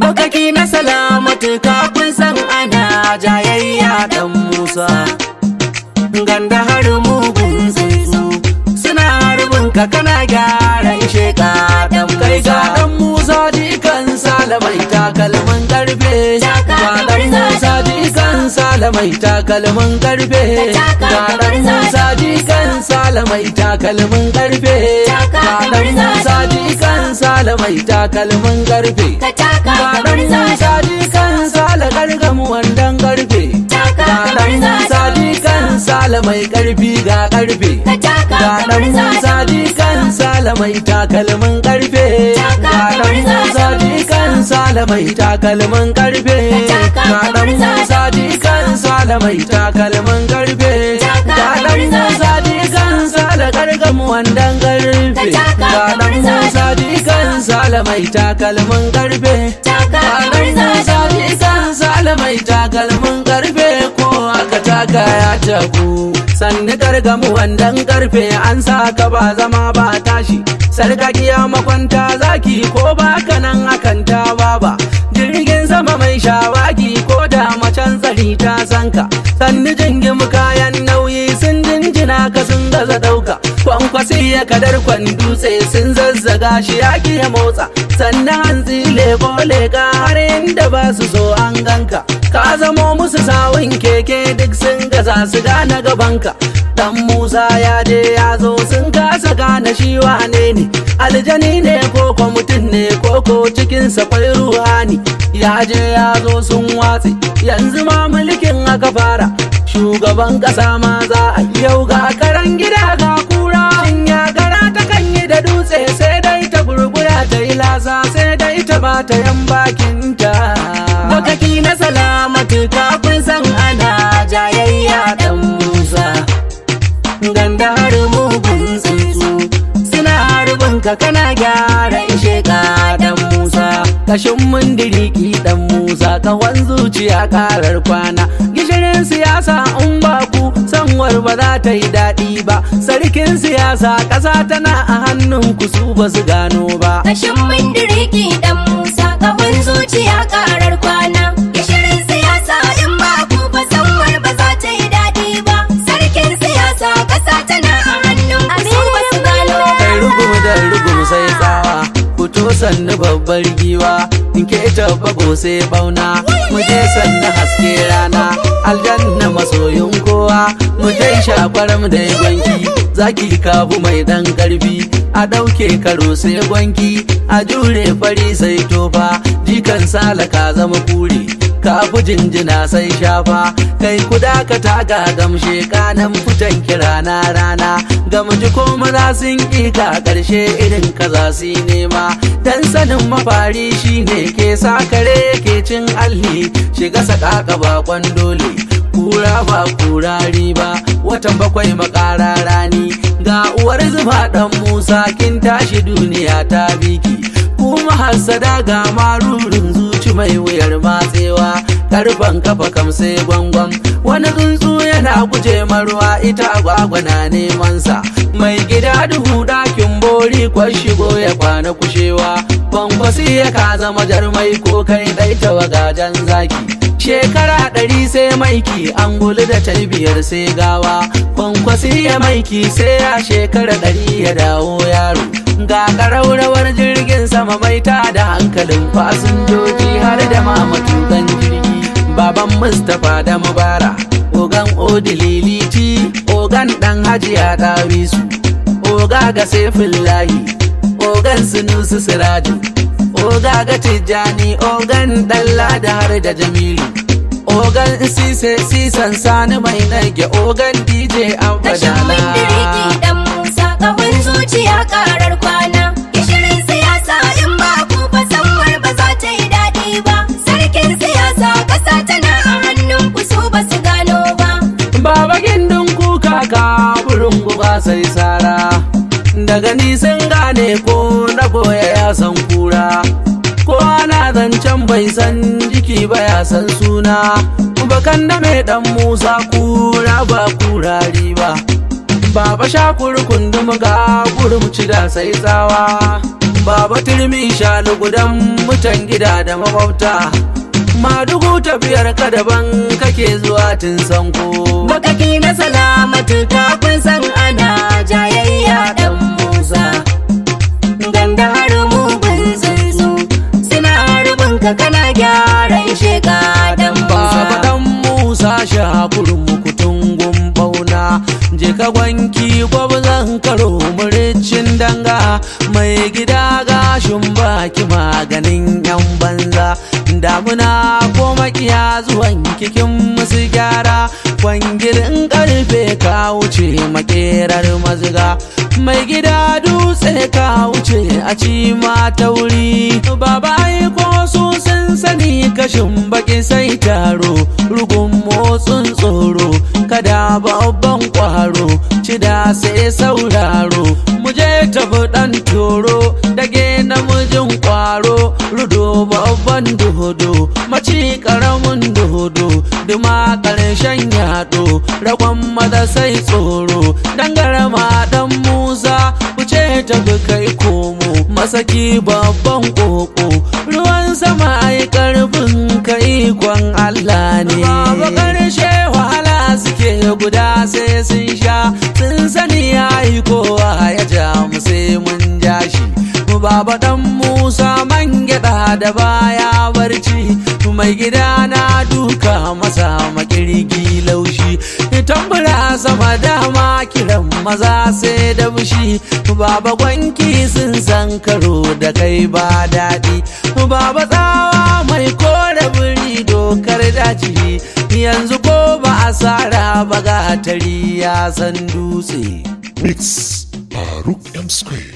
Bakaki na salamatu kafin san ana jayayya dan Musa. Ganda har mugun tsuntsu suna rubin ka kana gyara ishe ka dan kai ga dan Musa jikan salamai kalman karfe. Ga dan Musa dikan salamai kalman karfe. Ga dan Musa dikan salamai karfe. dan Musa kan sala mai takalmin karfe garan musa sadi kan sala gargamu wandan karfe garan musa di kan sala mai karfi ga karfe garan musa di kan sala mai takalmin karfe garan musa di kan sala mai takalmin karfe garan musa di kan sala mai takalmin karfe sala mai takalmin karfe takalmin karfe ko aka taka ya taku sannu gargamu wandan karfe an sa ka ba zama ba tashi ya makwanta zaki ko baka nan akan ta baba jirgin sama mai shawaki ko da macen tsari ta sanka sannu jingin kayan nauyi sun jinjina ka sun gaza ɗauka kwasi ya kadar kwan dutse sun zazzaga shi yaki ya motsa sannan hanzi leko ka har inda ba su so an ganka ka zamo musu sawun keke duk sun gaza su gane gabanka dan musa ya je ya zo sun kasa gane shi wane ne aljani ne koko mutum ne koko cikinsa kwai ruhani ya je ya zo sun watse yanzu ma mulkin aka fara shugaban ƙasa ma za a yau ga karan gida ga wasa sai da ita ba ta yan bakinta. Wakaki na salamatu kun san ana jayayya dan musa. Ganda mugun tsuntsu suna rubin ka kana gyara ishe ka dan musa. Kashin mundiriki ɗan musa kawan zuciya karar kwana. Gishirin siyasa in ba sanwar ba za ta yi daɗi ba sarkin siyasa ƙasa tana a hannun ku su ba su gano ba kashin mindiriki dan musa ƙahon zuciya karar kwana gishirin siyasa in ba ku ba sanwar ba za ta yi daɗi ba sarkin siyasa ƙasa tana a hannun ku su ba su gano ba kai rugumu da rugumu sai tsawa to sannu babbar giwa in ke tabbago sai bauna mu je sannu haske rana aljanna masoyin mu dai shakwaram da ya gwanki zaki kabu mai dan karfi a ɗauke karo sai gwanki a jure fari sai tofa jikan salaka zama kure kafu jinjina sai shafa kai ku dakata ga gamshe kanan fitan kira na rana ji ko maza sun ƙiƙa ƙarshe irin za su nema dan sanin mafari shine ke sa kare ke cin alli shiga saƙaƙa bakon dole makara ba kurari ba watan bakwai makara rani ga uwar zuba dan musa kin tashi duniya ta biki kuma hassada ga marurin zuci mai wuyar matsewa karfan kafa kam sai gwangwan wani tsuntsu yana guje marwa ita agwagwa na sa mai gida duhu dakin bori kwan shigo ya kwana kushewa bangwasi ya ka zama jarmai ko kai ɗaita zaki shekara ɗari sai maiki an guli da talbiyar sai gawa kwankwasi ya maiki sai a shekara ɗari ya dawo yaro ga ƙaraurawar jirgin sama mai ta da hankalin fasinjoji har da ma matukan jirgi baban mustapha da mubara ogan odililiti ogan ɗan hajiya su. oga ga saifin layi ogan nusu sirajin oga ga tijjani ogan ɗalla da har da jamilu ogan sise sisan sani mai nage ogan dj abadala kashin diriki dan musa kawai zuciya karar kwana gishirin siyasa in ba ku fasanwar ba za ta yi daɗi ba sarkin siyasa ƙasa tana a hannun ku su ba su gano ba baba gindin kuka ka burin guba sai sara daga nisan gane ko na boye ya san kura bai san jiki ba ya san suna Ba da mai dan musa kura ba kura ba baba shakur kundum ga ci da sai tsawa baba turmi sha gudan mutan gida da mabauta madugu biyar ka daban kake zuwa tun sanko bakaki na salamatu ta kun san ana jayayya dan musa ka kana gyara ishe ka dan Musa dan Musa shakurin mukutun gumbauna je ka gwanki gwabzan karo muricin danga mai gida gashin baki maganin yan banza damuna ko makiya zuwan kikin musu gyara kwangirin karfe ka wuce makerar mazga mai gida dutse ka wuce a ci ma tauri baba ko su sun sani kashin baki sai taro rugun motsin tsoro kada babban kwaro da sai sauraro mu je tafi dan toro dage namijin kwaro rudo babban dodo maci karamin dodo duma karshen yado ragon mada sai tsoro dangarama dan musa mu je tafi kai masaki babban koko ruwan sama ai karfin ka ikon Allah ne babu karshe wahala suke guda sai sun sha sun sani ai kowa ya ja mu sai mun ja shi baba dan Musa man gyada da baya barci mai gida na duka masa makirgi laushi tambura sama dama kiran maza sai da bushi, baba gwanki sun san karo da kai ba daɗi baba tsawa mai kore biri dokar daciri yanzu ko ba asara ba gatari ya san dutse mix rook m square